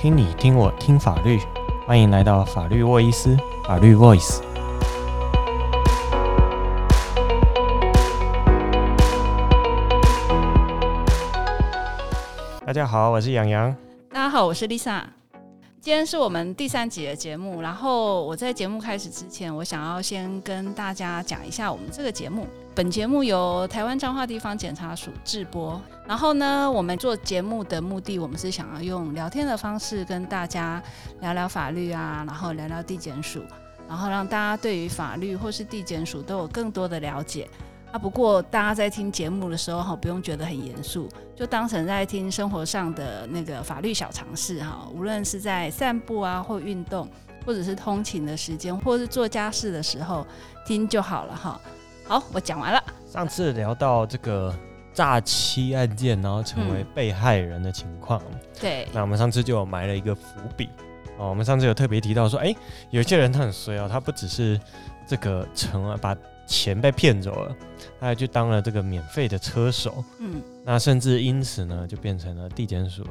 聽你聽我聽法律，歡迎來到法律沃伊斯，法律 Voice。大家好，我是洋洋。大家好，我是 Lisa。今天是我們第三集的節目，然後我在節目開始之前，我想要先跟大家講一下我們這個節目。本節目由台灣彰化地方檢察署製播，然後呢，我們做節目的目的，我們是想要用聊天的方式跟大家聊聊法律啊，然後聊聊地檢署，然後讓大家對於法律或是地檢署都有更多的了解。啊，不過大家在聽節目的時候哈，不用覺得很嚴肅，就當成在聽生活上的那個法律小常識哈。無論是在散步啊，或運動，或者是通勤的時間，或是做家事的時候聽就好了哈。好，我講完了。上次聊到這個詐欺案件，然後成為被害人的情況，嗯，對，那我們上次就有埋了一個伏筆哦。我們上次有特別提到說，哎、欸，有些人他很衰啊，他不只是這個成了把。錢被騙走了，他、啊、就當了這個免費的車手，嗯，那甚至因此呢，就變成了地檢署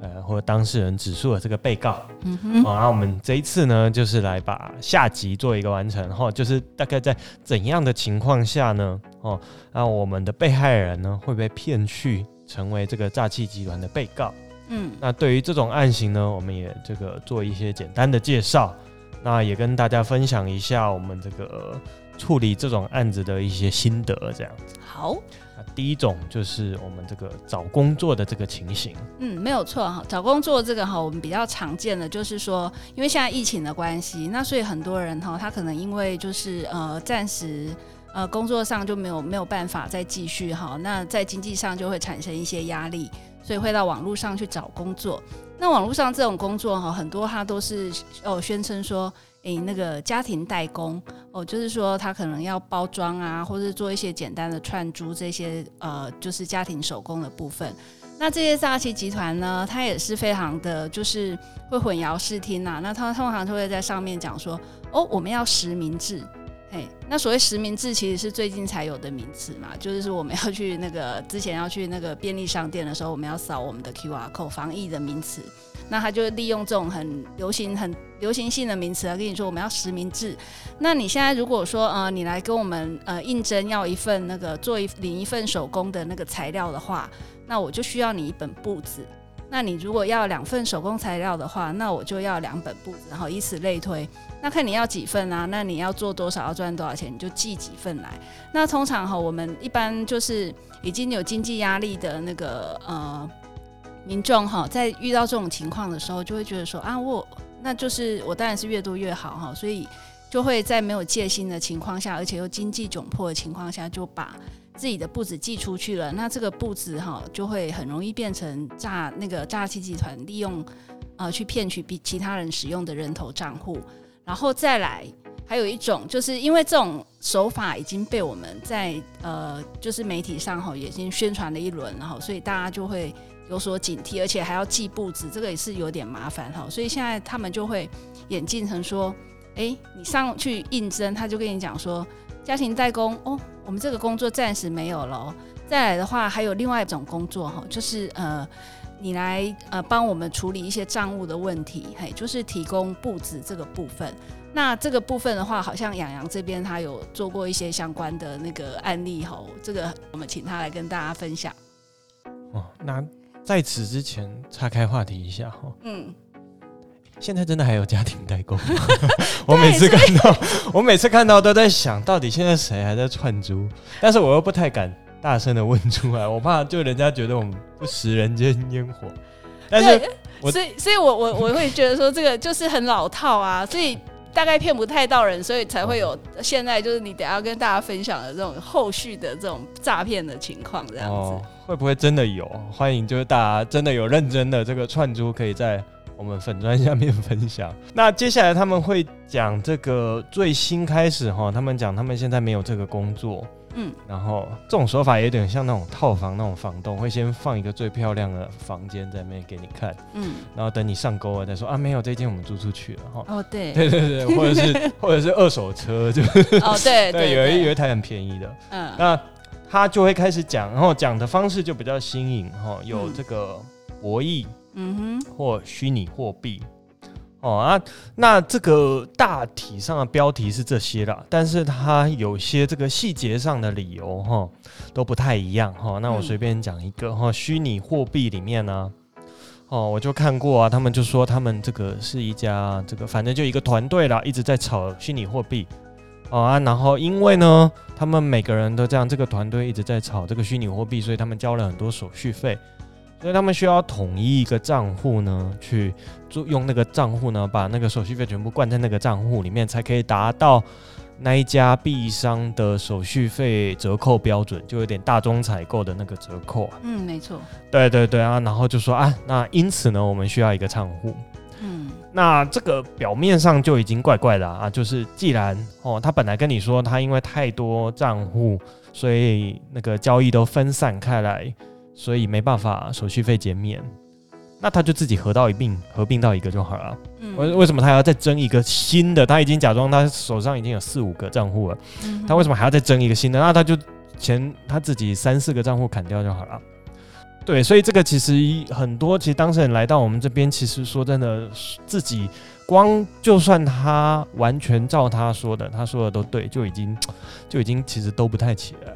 呃，或當事人指訴的這個被告，嗯哼，好、哦，那、啊、我們這一次呢，就是來把下集做一個完成，後就是大概在怎樣的情況下呢？哦，那、啊、我們的被害人呢，會被騙去成為這個詐欺集團的被告，嗯，那對於這種案型呢，我們也這個做一些簡單的介紹，那也跟大家分享一下我們這個。處理這種案子的一些心得，這樣子好。那第一種就是我們這個找工作的這個情形，嗯，沒有錯哈。找工作這個哈，我們比較常見的就是說，因為現在疫情的關係，那所以很多人哈，他可能因為就是呃，暫時呃工作上就沒有沒有辦法再繼續哈，那在經濟上就會產生一些壓力，所以會到網絡上去找工作。那網絡上這種工作哈，很多他都是哦宣稱說，哎、欸，那個家庭代工哦，就是說他可能要包裝啊，或者是做一些簡單的串珠這些，呃，就是家庭手工的部分。那這些詐欺集團呢，它也是非常的就是會混淆視聽吶、啊。那他通常就會在上面講說，哦，我們要實名制。哎、欸，那所謂實名制其實是最近才有的名詞嘛，就是說我們要去那個之前要去那個便利商店的時候，我們要掃我們的 Q R code 防疫的名詞。那他就利用這種很流行、很流行性的名詞來跟你說，我們要實名制。那你現在如果說呃，你來跟我們呃應徵要一份那個做一領一份手工的那個材料的話，那我就需要你一本簿子。那你如果要兩份手工材料的話，那我就要兩本簿子，然後以此類推。那看你要幾份啊？那你要做多少？要賺多少錢？你就寄幾份來。那通常哈，我們一般就是已經有經濟壓力的那個呃。民眾哈在遇到這種情況的時候，就會覺得說啊，我那就是我當然是越多越好哈，所以就會在沒有戒心的情況下，而且又經濟窘迫的情況下，就把自己的簿子寄出去了。那這個簿子哈就會很容易變成詐那個詐欺集團利用啊、呃、去騙取比其他人使用的人頭賬戶，然後再來還有一種就是因為這種手法已經被我們在呃就是媒體上哈已經宣傳了一輪，然後所以大家就會。有所警惕，而且還要記簿子，這個也是有點麻煩哈。所以現在他們就會演進成說：“哎、欸，你上去應徵，他就跟你講說，家庭代工哦，我們這個工作暫時沒有了。再來的話，還有另外一種工作哈，就是呃，你來呃幫我們處理一些賬務的問題，嘿，就是提供簿子這個部分。那這個部分的話，好像洋洋這邊他有做過一些相關的那個案例吼，這個我們請他來跟大家分享。哦，在此之前，岔開話題一下哈。嗯，現在真的還有家庭代工嗎？ 對 我每次看到，我每次看到都在想，到底現在誰還在串珠？但是我又不太敢大聲的問出來，我怕就人家覺得我們不食人間煙火。但是，所以，所以我我我會覺得說這個就是很老套啊，所以。大概騙不太到人，所以才會有現在就是你等下要跟大家分享的這種後續的這種詐騙的情況這樣子。哦，會不會真的有？歡迎就是大家真的有認真的這個串珠，可以在我們粉專下面分享。那接下來他們會講這個最新開始哈，他們講他們現在沒有這個工作。嗯，然後這種手法有點像那種套房，那種房東會先放一個最漂亮的房間在那邊給你看，嗯，然後等你上鈎了再說啊，沒有，這間我們租出去了哈。哦，對，對對對，或者是 或者是二手車就，哦對， 對、對、對對，有一有一台很便宜的，嗯，那他就會開始講，然後講的方式就比較新穎哈，哦，有這個博弈，嗯哼，或虛擬貨幣。哦啊，那這個大體上的標題是這些啦。但是它有些這個細節上的理由哈都不太一樣哈。那我隨便講一個哈，虛擬貨幣裡面呢，啊，哦，我就看過啊，他們就說他們這個是一家這個，反正就一個團隊啦，一直在炒虛擬貨幣啊。然後因為呢，他們每個人都這樣，這個團隊一直在炒這個虛擬貨幣，所以他們交了很多手續費。所以他們需要統一一個賬戶呢，去用那個賬戶呢，把那個手續費全部灌在那個賬戶裡面，才可以達到那一家幣商的手續費折扣標準，就有點大宗採購的那個折扣。嗯，沒錯。對對對啊，然後就說啊，那因此呢，我們需要一個賬戶。嗯，那這個表面上就已經怪怪的啊，就是既然哦，他本來跟你說他因為太多賬戶，所以那個交易都分散開來。所以沒辦法，手續費減免，那他就自己合到一併合併到一個就好了。嗯，為為什麼他還要再增一個新的？他已經假裝他手上已經有四五個賬戶了，嗯，他為什麼還要再增一個新的？那他就前他自己三四個賬戶砍掉就好了。對，所以這個其實很多，其實當事人來到我們這邊，其實說真的，自己光就算他完全照他說的，他說的都對，就已經就已經其實都不太起了。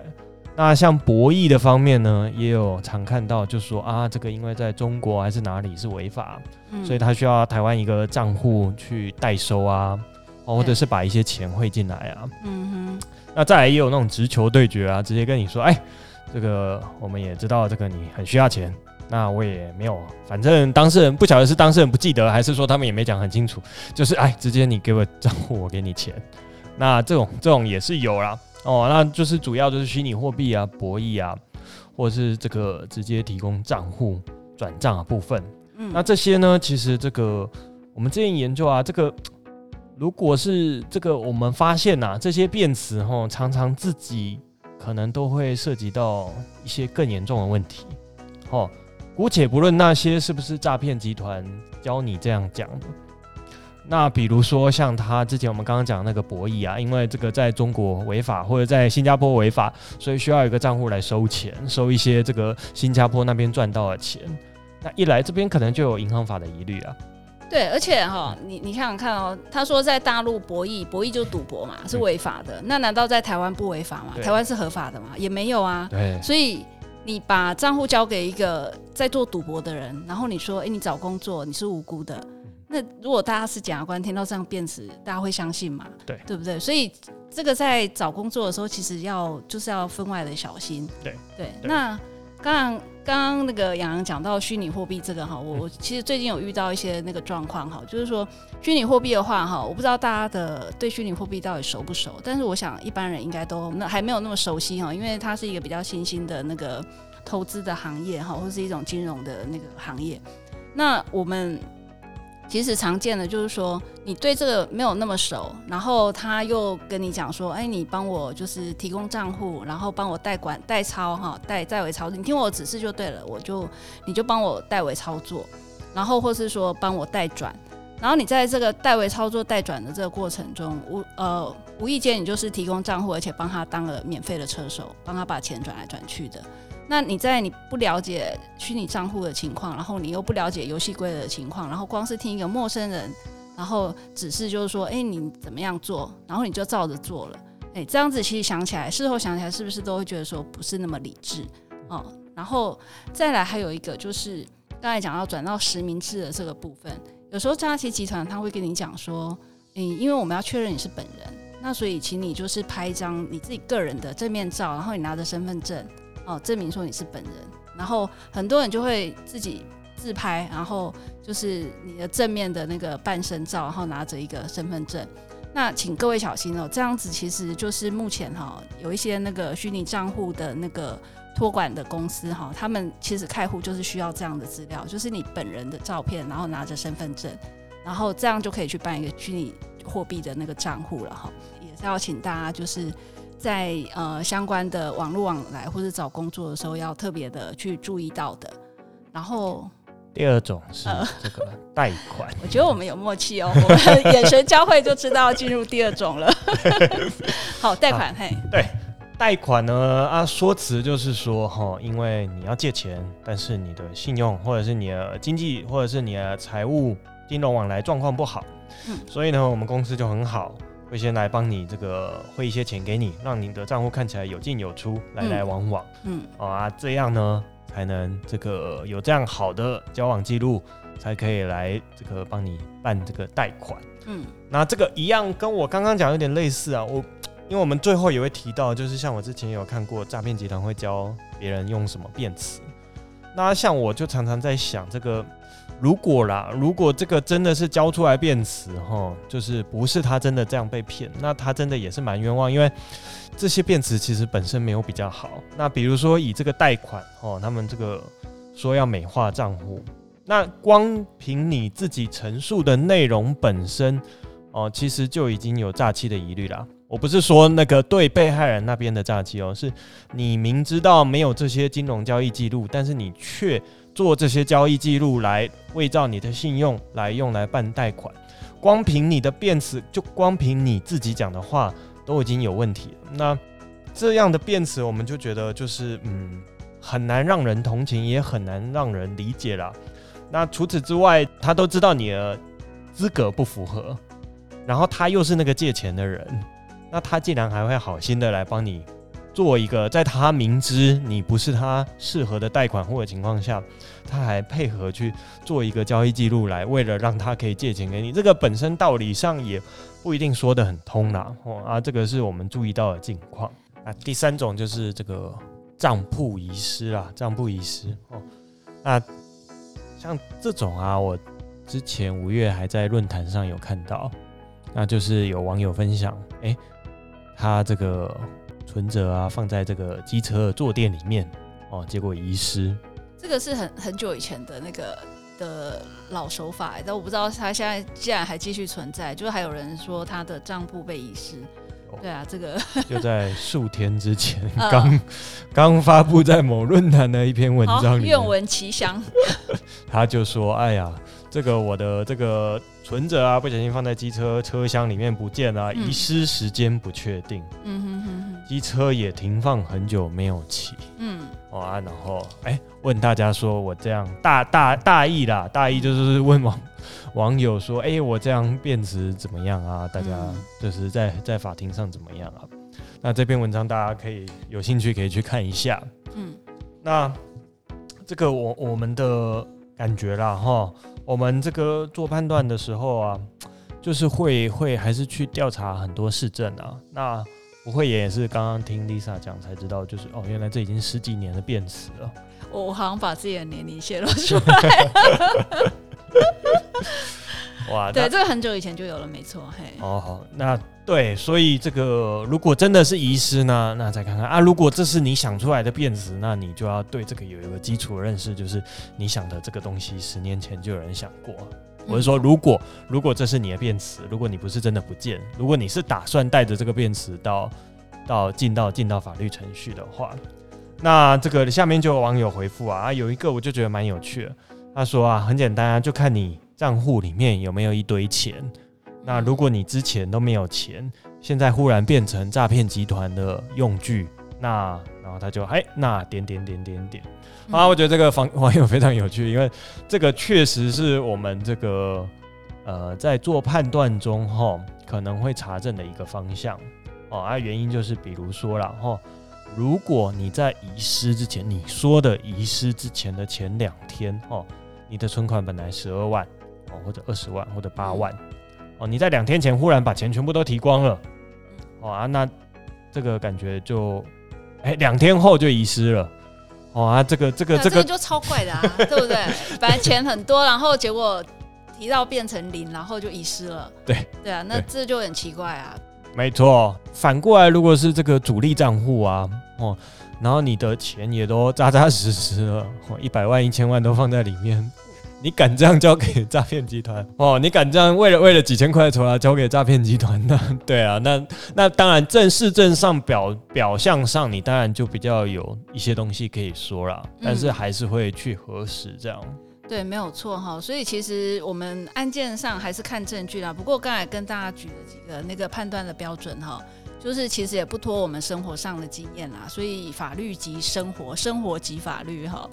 那像博弈的方面呢，也有常看到就，就是說啊，這個因為在中國還是哪裡是違法，嗯、所以他需要台灣一個賬戶去代收啊，哦、嗯，或者是把一些錢匯進來啊。嗯哼。那再來也有那種直球對決啊，直接跟你說，哎，這個我們也知道，這個你很需要錢，那我也沒有，反正當事人不曉得是當事人不記得，還是說他們也沒講很清楚，就是哎，直接你給我賬戶，我給你錢。那這種這種也是有啦。哦，那就是主要就是虛擬貨幣啊、博弈啊，或者是這個直接提供賬戶轉賬的部分。嗯，那這些呢，其實這個我們最近研究啊，這個如果是這個我們發現吶、啊，這些辯詞哦，常常自己可能都會涉及到一些更嚴重的問題。哦，姑且不論那些是不是詐騙集團教你這樣講的。那比如說像他之前我們剛剛講那個博弈啊，因為這個在中國違法或者在新加坡違法，所以需要一個賬戶來收錢，收一些這個新加坡那邊賺到的錢。那一來這邊可能就有銀行法的疑慮啊。對，而且哈、哦，你你想想看哦，他說在大陸博弈，博弈就賭博嘛，是違法的。那難道在台灣不違法嗎？台灣是合法的嗎？也沒有啊。對。所以你把賬戶交給一個在做賭博的人，然後你說，哎、欸，你找工作，你是無辜的。那如果大家是檢察官，聽到這樣辯詞，大家會相信嗎？對，對不對？所以這個在找工作的時候，其實要就是要分外的小心。對，對。對，那剛剛剛剛那個洋洋講到虛擬貨幣這個哈，我我其實最近有遇到一些那個狀況哈、嗯，就是說虛擬貨幣的話哈，我不知道大家的對虛擬貨幣到底熟不熟，但是我想一般人應該都那還沒有那麼熟悉哈，因為它是一個比較新興的那個投資的行業哈，或是一種金融的那個行業。那我們。其實常見的就是說，你對這個沒有那麼熟，然後他又跟你講說，哎，你幫我就是提供賬戶，然後幫我代管，代操哈，代代為操作，你聽我的指示就對了，我就你就幫我代為操作，然後或是說幫我代轉，然後你在這個代為操作，代轉的這個過程中，無呃無意間你就是提供賬戶，而且幫他當了免費的車手，幫他把錢轉來轉去的。那你在你不了解虛擬賬戶的情況，然後你又不了解遊戲規則的情況，然後光是聽一個陌生人，然後指示就是說，哎、欸，你怎麼樣做，然後你就照着做了。哎、欸，這樣子其實想起來，事後想起來，是不是都會覺得說不是那麼理智哦？然後再來還有一個就是剛才講到轉到實名制的這個部分，有時候詐欺集團他會跟你講說，嗯、欸，因為我們要確認你是本人，那所以請你就是拍一張你自己個人的正面照，然後你拿着身份證。哦，證明說你是本人，然後很多人就會自己自拍，然後就是你的正面的那個半身照，然後拿着一個身份證。那請各位小心哦，這樣子其實就是目前哈有一些那個虛擬賬戶的那個托管的公司哈，他們其實開戶就是需要這樣的資料，就是你本人的照片，然後拿着身份證，然後這樣就可以去辦一個虛擬貨幣的那個賬戶了哈。也是要請大家就是。在呃，相關的網絡往來或者找工作的時候，要特別的去注意到的。然後第二種是這個呃、貸款。我覺得我們有默契哦、喔， 我們眼神交匯就知道要進入第二種了。 好，貸款、啊、嘿，對，貸款呢啊說辭就是說哈，因為你要借錢，但是你的信用或者是你的經濟或者是你的財務金融往來狀況不好、嗯，所以呢，我們公司就很好。會先來幫你這個匯一些錢給你，讓你的賬戶看起來有進有出，嗯、來來往往，嗯，好啊，這樣呢才能這個有這樣好的交往記錄，才可以來這個幫你辦這個貸款，嗯，那這個一樣跟我剛剛講有點類似啊，我因為我們最後也會提到，就是像我之前有看過詐騙集團會教別人用什麼辯詞，那像我就常常在想這個。如果啦，如果這個真的是交出來辯詞哦，就是不是他真的這樣被騙，那他真的也是蠻冤枉，因為這些辯詞其實本身沒有比較好。那比如說以這個貸款哦，他們這個說要美化賬戶，那光憑你自己陳述的內容本身哦、呃，其實就已經有詐欺的疑慮啦。我不是說那個對被害人那邊的詐欺哦、喔，是你明知道沒有這些金融交易記錄，但是你卻。做這些交易記錄來偽造你的信用，來用來辦貸款。光憑你的辯詞，就光憑你自己講的話，都已經有問題。那這樣的辯詞，我們就覺得就是嗯，很難讓人同情，也很難讓人理解啦。那除此之外，他都知道你的資格不符合，然後他又是那個借錢的人，那他竟然還會好心的來幫你。做一個，在他明知你不是他適合的貸款戶的情況下，他還配合去做一個交易記錄來，為了讓他可以借錢給你，這個本身道理上也不一定說得很通啦。哦、啊，這個是我們注意到的情況。啊，第三種就是這個賬簿遺失啦，賬簿遺失哦。那、啊、像這種啊，我之前五月還在論壇上有看到，那就是有網友分享，欸、他這個。存摺啊，放在這個機車坐墊裡面哦、啊，結果遺失。這個是很很久以前的那個的老手法，但我不知道他現在竟然還繼續存在，就還有人說他的賬簿被遺失、哦。對啊，這個就在數天之前剛剛、呃、發布在某論壇的一篇文章願聞、哦、其詳。 他就說：“哎呀，這個我的這個存摺啊，不小心放在機車車廂裡面不見了、啊，遺、嗯、失時間不確定。”嗯哼哼，哼。機車也停放很久沒有騎，嗯、哦，啊，然後哎、欸，問大家說我這樣大大大，大意啦，大意就是問網網友說，哎、欸，我這樣辯詞怎麼樣啊？大家就是在在法庭上怎麼樣啊？嗯、那這篇文章大家可以有興趣可以去看一下，嗯，那這個我我們的感覺啦，哈，我們這個做判斷的時候啊，就是會會還是去調查很多事證啊，那。不會也是剛剛聽 Lisa 講才知道，就是哦，原來這已經十幾年的辯詞了我。我好像把自己的年齡泄露出來了。 哇，對，這個很久以前就有了，沒錯、哦，嘿。哦，好，那對，所以這個如果真的是遺失呢，那再看看啊，如果這是你想出來的辯詞，那你就要對這個有一個基礎認識，就是你想的這個東西，十年前就有人想過。我是說，如果如果這是你的辯詞，如果你不是真的不見，如果你是打算帶着這個辯詞到到進到進到法律程序的話，那這個下面就有網友回復啊啊，有一個我就覺得蠻有趣的，他說啊，很簡單啊，就看你賬戶裡面有沒有一堆錢。那如果你之前都沒有錢，現在忽然變成詐騙集團的用具。那然後他就哎那點點點點點好，嗯啊，我覺得這個網網友非常有趣，因為這個確實是我們這個呃在做判斷中哈、哦、可能會查證的一個方向哦啊，原因就是比如說啦哈、哦，如果你在遺失之前，你說的遺失之前的前兩天哦，你的存款本來十二萬哦，或者二十萬或者八萬哦，你在兩天前忽然把錢全部都提光了哦啊，那這個感覺就。哎，兩天後就遺失了，哇、哦啊，這個這個、這個啊、這個就超怪的、啊， 對不對？反正錢很多，然後結果提到變成零，然後就遺失了。對對啊對，那這就很奇怪啊。沒錯，反過來，如果是這個主力賬戶啊，哦，然後你的錢也都扎扎實實了，哦、一百萬一千萬都放在裡面。你敢這樣交給詐騙集團哦？你敢這樣為了為了幾千塊的酬勞交給詐騙集團的？對啊，那那當然，正式證上表表象上，你當然就比較有一些東西可以說了，但是還是會去核實這樣。嗯、對，沒有錯哈。所以其實我們案件上還是看證據啦。不過剛才跟大家舉了幾個那個判斷的標準哈。就是其實也不脫我們生活上的經驗啦，所以法律即生活，生活即法律，哈，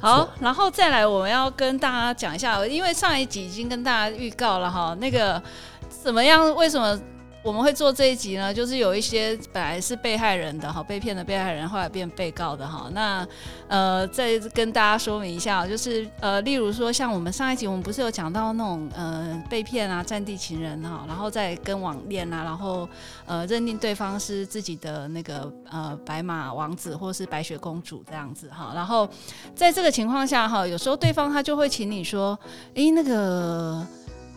好，然後再來我們要跟大家講一下，因為上一集已經跟大家預告了哈，那個怎麼樣，為什麼？我們會做這一集呢，就是有一些本來是被害人的哈，被騙的被害人，後來變被告的哈。那呃，再跟大家說明一下，就是呃，例如說像我們上一集我們不是有講到那種呃被騙啊，戰地情人哈，然後再跟網戀啊，然後呃認定對方是自己的那個呃白馬王子或是白雪公主這樣子哈。然後在這個情況下哈，有時候對方他就會請你說，誒那個。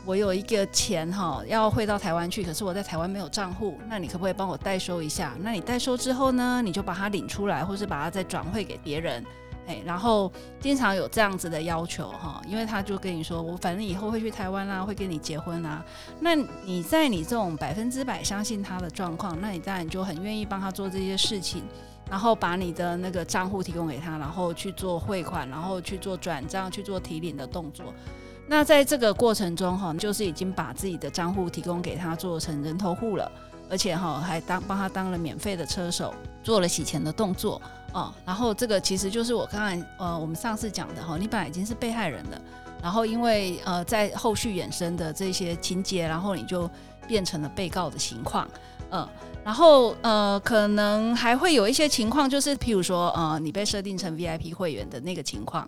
我有一個錢哈，要匯到台灣去，可是我在台灣沒有賬戶，那你可不可以幫我代收一下？那你代收之後呢，你就把它領出來，或是把它再轉匯給別人，誒、欸，然後經常有這樣子的要求哈，因為他就跟你說，我反正以後會去台灣啦、啊，會跟你結婚啊，那你在你這種百分之百相信他的狀況，那你當然就很願意幫他做這些事情，然後把你的那個賬戶提供給他，然後去做匯款，然後去做轉賬，去做提領的動作。那在這個過程中，哈，就是已經把自己的賬戶提供給他做成人頭戶了，而且哈還當幫他當了免費的車手，做了洗錢的動作，哦，然後這個其實就是我剛才呃我們上次講的哈，你本來已經是被害人了，然後因為呃在後續衍生的這些情節，然後你就變成了被告的情況，嗯，然後呃可能還會有一些情況，就是譬如說呃你被設定成 VIP 會員的那個情況，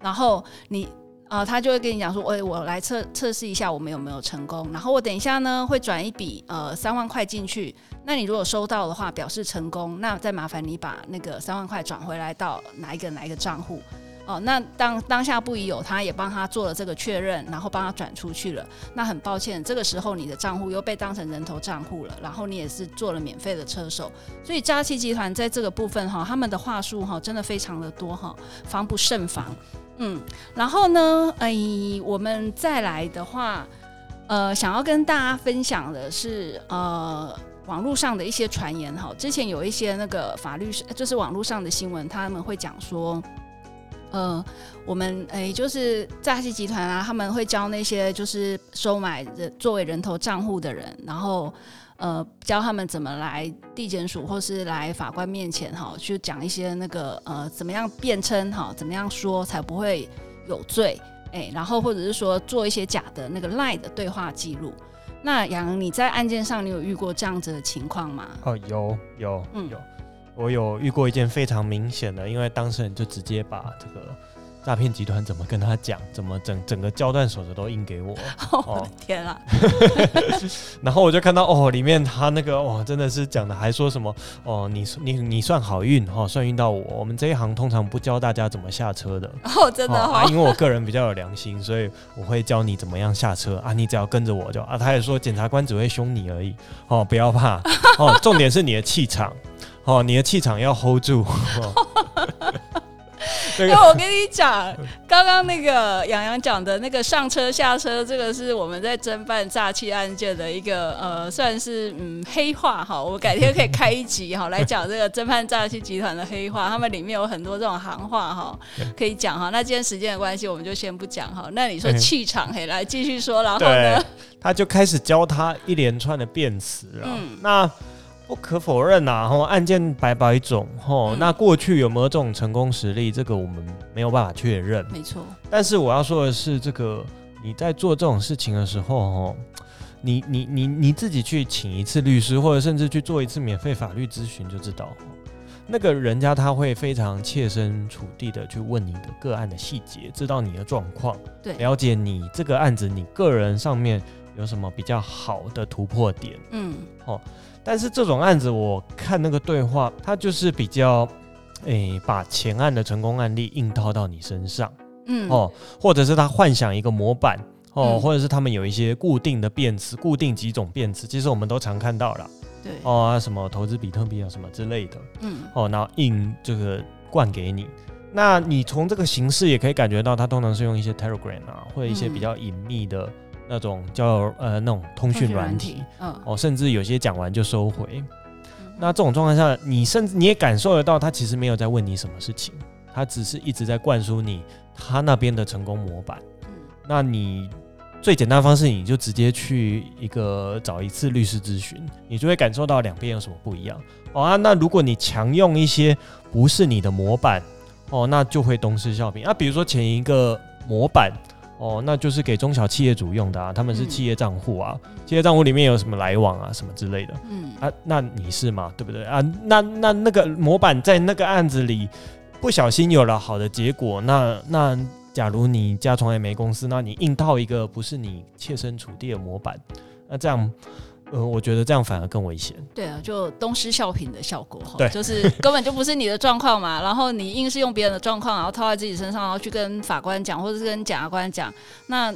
然後你。啊、呃，他就會跟你講說，哎、欸，我來測測試一下我們有沒有成功，然後我等一下呢會轉一筆呃三萬塊進去，那你如果收到的話表示成功，那再麻煩你把那個三萬塊轉回來到哪一個哪一個賬戶。哦、呃，那當當下不疑有他，也幫他做了這個確認，然後幫他轉出去了，那很抱歉，這個時候你的賬戶又被當成人頭賬戶了，然後你也是做了免費的車手，所以詐欺集團在這個部分哈，他們的話術哈真的非常的多哈，防不勝防。嗯，然後呢？誒、哎，我們再來的話，呃，想要跟大家分享的是，呃，網絡上的一些傳言哈。之前有一些那個法律是，就是網絡上的新聞，他們會講說，呃，我們誒、哎，就是詐欺集團啊，他們會教那些就是收買人作為人頭賬戶的人，然後。呃，教他們怎麼來地檢署，或是來法官面前哈，去講一些那個呃，怎麼樣辯稱哈，怎麼樣說才不會有罪？誒、欸，然後或者是說做一些假的那個賴的對話記錄。那楊，你在案件上你有遇過這樣子的情況嗎？哦，有有、嗯、有，我有遇過一件非常明顯的，因為當事人就直接把這個。詐騙集團怎麼跟他講？怎麼整整個焦段手指都印給我？Oh, 哦天啊 ！然後我就看到哦，裡面他那個哇、哦，真的是講的，還說什麼哦，你你你算好運哦，算運到我。我們這一行通常不教大家怎麼下車的，oh, 的哦，真、哦、的、啊，因為我個人比較有良心，所以我會教你怎麼樣下車啊。你只要跟着我就啊。他也說檢察官只會兇你而已哦，不要怕 哦。重點是你的氣場哦，你的氣場要 hold 住。哦 那、這個、我跟你講， 剛剛那個楊洋，洋講的那個上車下車，這個是我們在偵辦詐欺案件的一個呃，算是嗯黑話哈。我改天可以開一集哈， 來講這個偵辦詐欺集團的黑話， 他們裡面有很多這種行話哈， 可以講哈。那今天時間的關係，我們就先不講哈。那你說氣場、嗯，嘿，來繼續說。然後呢，他就開始教他一連串的辯詞了。嗯，那不可否認吶、啊，吼、哦、案件百百種，吼、哦、嗯、那過去有沒有這種成功實例？這個我們沒有辦法確認。沒錯。但是我要說的是，這個你在做這種事情的時候，哦，你你你你，你自己去請一次律師，或者甚至去做一次免費法律諮詢，就知道那個人家他會非常切身處地的去問你的個、個案的細節，知道你的狀況，對，了解你這個案子你個人上面有什麼比較好的突破點，嗯，哦。但是這種案子，我看那個對話，他就是比較，誒、欸，把前案的成功案例硬套到你身上，嗯，哦，或者是他幻想一個模板，哦，嗯、或者是他們有一些固定的辯詞，固定幾種辯詞，其實我們都常看到啦，對，哦啊，什麼投資比特幣啊，什麼之類的，嗯，哦，然後硬這個灌給你，那你從這個形式也可以感覺到，他通常是用一些 Telegram 啊，或者一些比較隱祕的。那種叫呃那種通訊軟體，體，哦，甚至有些講完就收回。嗯、那這種狀態下，你甚至你也感受得到，他其實沒有在問你什麼事情，他只是一直在灌輸你他那邊的成功模板，嗯。那你最簡單方式，你就直接去一個找一次律師諮詢，你就會感受到兩邊有什麼不一樣。哦啊，那如果你強用一些不是你的模板，哦，那就會東施效顰。那、啊、比如說前一個模板。哦，那就是給中小企業主用的啊，他們是企業賬戶啊、嗯，企業賬戶裡面有什麼來往啊，什麼之類的。嗯啊，那你是嗎？對不對啊？那那那個模板在那個案子裡不小心有了好的結果，那那假如你家從來沒公司，那你硬套一個不是你切身處地的模板，那這樣。呃，我覺得這樣反而更危險。對啊，就東施效顰的效果哈，就是根本就不是你的狀況嘛， 然後你硬是用別人的狀況，然後套在自己身上，然後去跟法官講，或者是跟檢察官講，那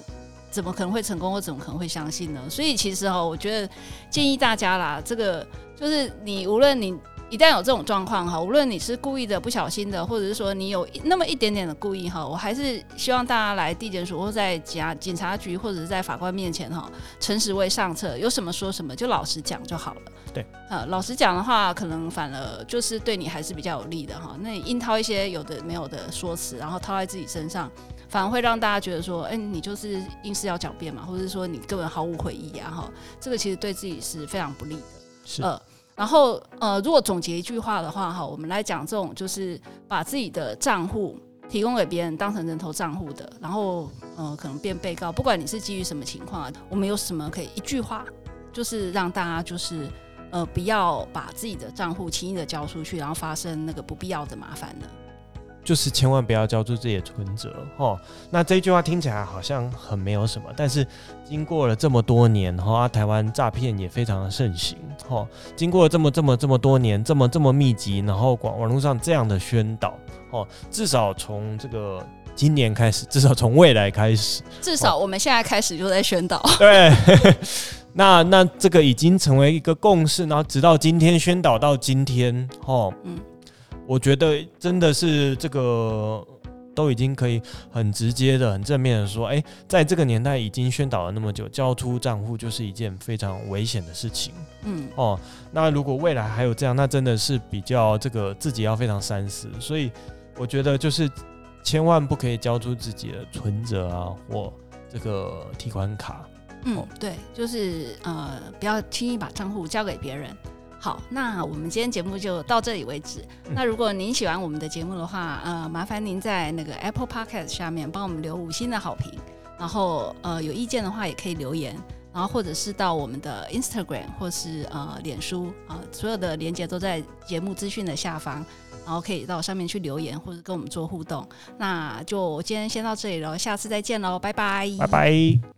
怎麼可能會成功，或怎麼可能會相信呢？所以其實哈，我覺得建議大家啦，這個就是你無論你。一旦有這種狀況哈，無論你是故意的、不小心的，或者是說你有那麼一點點的故意哈，我還是希望大家來地檢署，或者在警察局，或者是在法官面前哈，誠實為上策，有什麼說什麼，就老實講就好了。對，呃，老實講的話，可能反而就是對你還是比較有利的哈。那你硬掏一些有的沒有的說辭，然後掏在自己身上，反而會讓大家覺得說，哎、欸，你就是硬是要狡辯嘛，或者是說你根本毫無悔意，啊。哈、呃，這個其實對自己是非常不利的。是。呃然後，呃，如果總結一句話的話，哈，我們來講這種就是把自己的賬戶提供給別人當成人頭賬戶的，然後，呃，可能變被告，不管你是基於什麼情況，我們有什麼可以一句話，就是讓大家就是，呃，不要把自己的賬戶輕易的交出去，然後發生那個不必要的麻煩呢？就是千萬不要交出自己的存摺，哈、哦。那這句話聽起來好像很沒有什麼，但是經過了這麼多年，哈、哦啊，台灣詐騙也非常的盛行，哈、哦。經過了這麼這麼這麼多年，這麼這麼密集，然後廣網絡上這樣的宣導，哈、哦，至少從這個今年開始，至少從未來開始，至少、哦、我們現在開始就在宣導。對， 那那這個已經成為一個共識，然後直到今天宣導到今天，哈、哦，嗯。我覺得真的是這個都已經可以很直接的、很正面的說，哎、欸，在這個年代已經宣導了那麼久，交出賬戶就是一件非常危險的事情。嗯，哦，那如果未來還有這樣，那真的是比較這個自己要非常三思。所以我覺得就是千萬不可以交出自己的存摺啊或這個提款卡。哦、嗯，對，就是呃，不要輕易把賬戶交給別人。好，那我們今天節目就到這裡為止，嗯。那如果您喜歡我們的節目的話，呃，麻煩您在那個 Apple Podcast 下面幫我們留五星的好評，然後呃有意見的話也可以留言，然後或者是到我們的 Instagram 或是呃臉書啊，呃，所有的連接都在節目資訊的下方，然後可以到上面去留言或者跟我們做互動。那就今天先到這裡了，下次再見嘍，拜拜，拜拜。